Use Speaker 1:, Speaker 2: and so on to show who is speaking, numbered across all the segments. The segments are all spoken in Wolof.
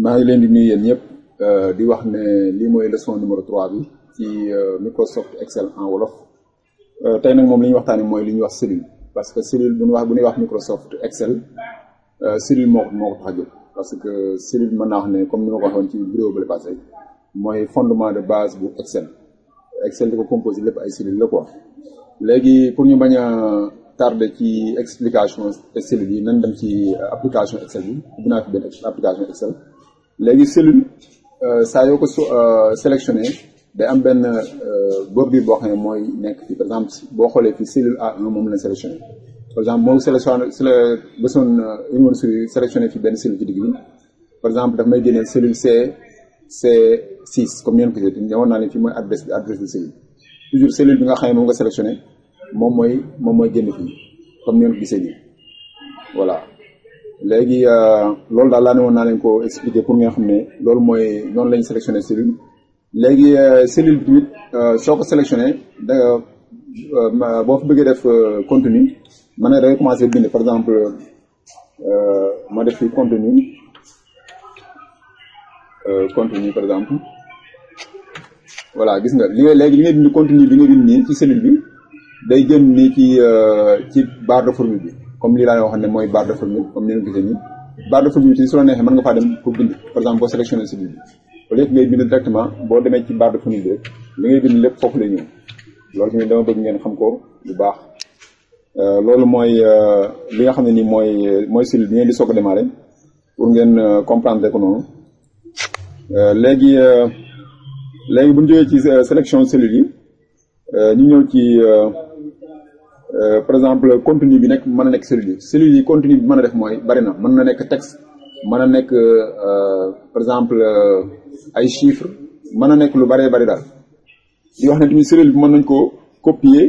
Speaker 1: maa ngi leen di nuyu yéen ñëpp euh, di wax ne lii mooy leçon numéro 3 bi ci euh, Microsoft Excel en wolof euh, tey nag moom li ñu waxtaanee mooy li ñuy wax cellule parce que cellule bu ñu wax bu ñuy wax Microsoft Excel cellule moo ko moo parce que cellule mën naa wax ne comme ni ma ko waxoon ci vidéo bi passé mooy fondement de base bu Excel Excel di ko composé lépp ay cellules la ko wax léegi pour ñu bañ a tardé ci explication cellules yi nan dem ci application Excel bi ubbi naa fi benn application Excel. léegi cellule euh, saa yoo ko euh, sélectionné day am benn euh, bobbi boo xam ne mooy nekk fii par exemple boo xoolee fi cellule A1 moom la sélectionné par exemple moo sélectionné bësoon une woon souris sélectionné fii benn cellule ci digg bi par exemple daf may génneel cellule C C6 comme ñeen ko gisee ñëwoon naa leen fii mooy adresse adresse de cellule toujours cellule bi nga xam ne moom nga sélectionné moom mooy moom mooy génn fii comme ñeen ko gisee nii léegi euh, loolu daal laa ne woon naa leen ko expliquer pour nga xam ne loolu mooy ñoom la ñu sélectionné cellule léegi euh, cellule bi tamit euh, soo ko sélectionné da boo fa bëggee def continue ma ne dangay commencé bind par exemple ma def fi contenu contenu par exemple voilà gis nga li léegi li nga bind contenu bi nga bind nii ci cellule bi day génn nii ci ci barre de bi comme lii laa la waxoon ne mooy barre de formule comme ni ñu gisee nii barre dem pour bind par exemple boo sélectionné si biir au lieu que ngay bind directement bi lépp foofu la ñëw loolu tamit dama bëgg ngeen xam ko bu baax euh, loolu mooy euh, li nga xam ne nii mooy mooy cellule bi ngeen di soog a démarrer pour ngeen euh, comprendre ko noonu léegi léegi bu ñu ci sélection cellules yi ñu ñëw ci Euh, par exemple contenu bi nekk mën a nekk cellules yi cellules yi contenu bi mën a def mooy bari na mën na nekk texte man a nekk euh, par exemple euh, ay chiffres mën a nekk lu baree bari daal di wax ne tamit cellule bi mën nañ ko copier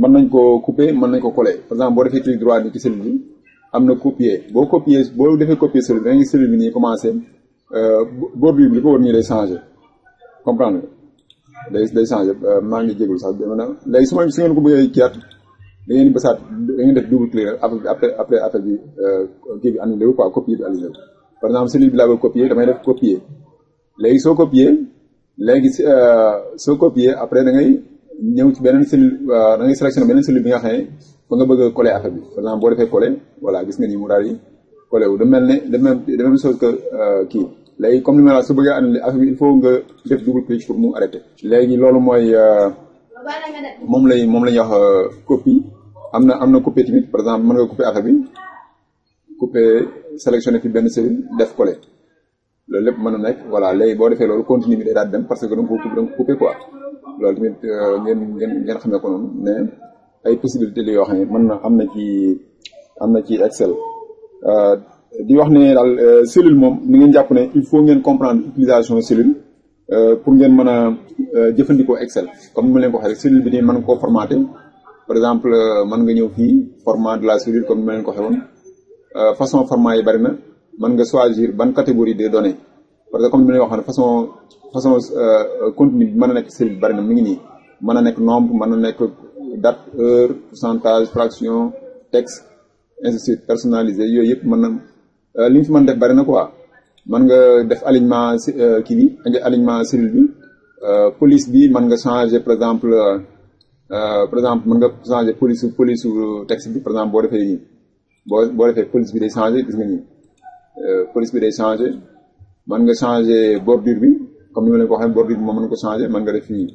Speaker 1: mën nañ ko couper mën nañ ko coller par exemple boo defee clic droit ni ci bi am na copier boo copier boo defee copier cellule bi da bi nii commencé bordure bi li ko nii day changé comprendre day day changé maa ngi jégalu sax day su ma su ngeen ko bëggee kiyaat da ngeen basaat da ngeen def double clic rek après après affaire bi euh, kii bi annulé wu quoi copier bi annulé bi laa bëgg copier damay def copier léegi soo copier léegi euh, soo copier après da ngay ñëw ci beneen cellule euh, da ngay sélectionné beneen cellule bi nga xam ne fa nga bëgg a coller bi par exemple boo defee coller voilà gis nga ni mu daal di coller wu da mel ne de de même chose que kii léegi comme ni ma la su bëggee annulé affaire bi il faut nga def double clic pour mu arrêté léegi loolu mooy moom lay moom la ñuy wax copie am na am na coupé tamit par exemple mën nga coupé affaire bi coupé sélectionné fi benn cellule def ko collé loolu lépp mën na nekk voilà léegi boo defee loolu continue bi day daal dem parce que da nga ko da nga ko coupé quoi loolu tamit euh, ngeen ngeen ngeen xamee ko noonu mais ay possibilités la yoo xam ne mën na am na ci am na ci Excel euh, di wax ne daal euh, cellule moom ni ngeen jàpp ne il faut ngeen comprendre utilisation cellule pour ngeen mën a jëfandikoo Excel comme ni ma leen ko waxee rek cellule bi nii mën koo formaté par exemple mën nga ñëw fii format de la soudure comme ni ma leen ko waxee woon euh, façon format yi bari na mën nga choisir ban catégorie de données parce que comme ni ma leen waxoon façon façon euh, contenu bi mën a nekk cellule bari na mu ngi nii mën a nekk nombre man a nekk date heure pourcentage fraction texte ainsi de yooyu yëpp mën na euh, li ñu fi mën def bari na quoi mën nga def alignement kii bi nga alignement cellule bi police bi mën nga changer par exemple Euh, par exemple mën nga changer police police texte bi par boo defee boo boo defee police bi day changer gis nga nii euh, police bi day changer mën nga changer bordure bi comme ni ma leen ko waxee bordure bi moom mën nga ko changer mën nga def fii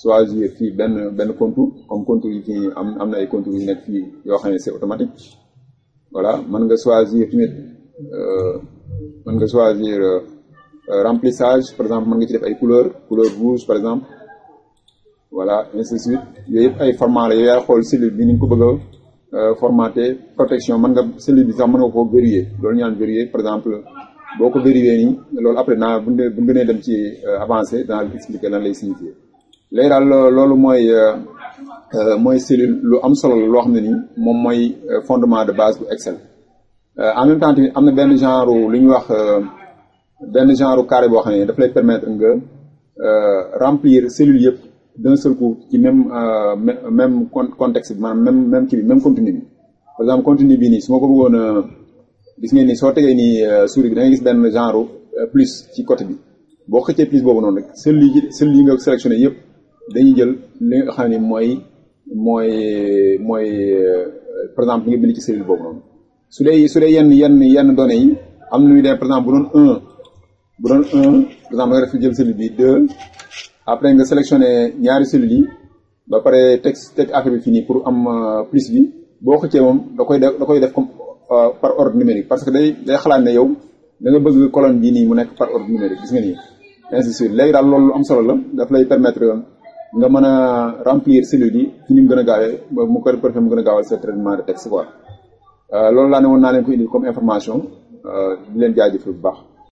Speaker 1: choisir fii benn benn contour comme contour yi fii am am na ay contour yu nekk fii yoo xam ne si automatique voilà mën nga choisir tamit euh, mën nga choisir remplissage par exemple mën nga ci ay couleur couleur rouge par exemple voilà ainsi suite yooyu yëpp ay format la yow yaay xool cellule bi ni nga ko bëgg a euh, formaté protection mën nga cellule bi sax mën nga koo verrouiller loolu ñu naan verrouiller par exemple boo ko verrouiller loolu après naa bu ñu gënee dem ci euh, avancé danaa expliquer lan lay signifier léegi daal loolu mooy euh, mooy cellule lu am solo loo xam ne nii moom mooy fondement de base bu Excel en même temps am na benn genre lu ñuy wax benn genre carré boo xam ne daf lay permettre nga remplir cellule yëpp d'un seul coup ci même euh, même contexte bi maanaam même même kii bi même contenu bi par exemple contenu bii nii su ma ko bëggoon a euh, gis ngeen ni soo tegee nii euh, souris bi da gis benn genre plus ci côté bi boo xëccee plus boobu noonu rek seul yi seul yi nga yëpp dañuy jël li nga xam mooy mooy par exemple li nga ci cellule boobu su dee su dee yenn yenn yenn données yi am na ñuy def exemple bu doon un bu doon un par exemple nga def jël cellule bi deux après nga sélectionné ñaari cellules yi ba pare teg teg affaire bi fii nii pour am euh, plus bi boo xëccee moom da koy def da koy def comme euh, par ordre numérique parce que day day xalaat ne yow da nga bëgg colonne bii nii mu nekk par ordre numérique gis nga nii ainsi de suite léegi daal loolu lu am solo la daf lay permettre nga mën a remplir cellules yi ci ni mu gën a gaawee mu ko préfet mu gën a gaawal sa traitement de texte quoi euh, loolu laa ne woon naa leen ko indi comme information di leen jaajëfal bu baax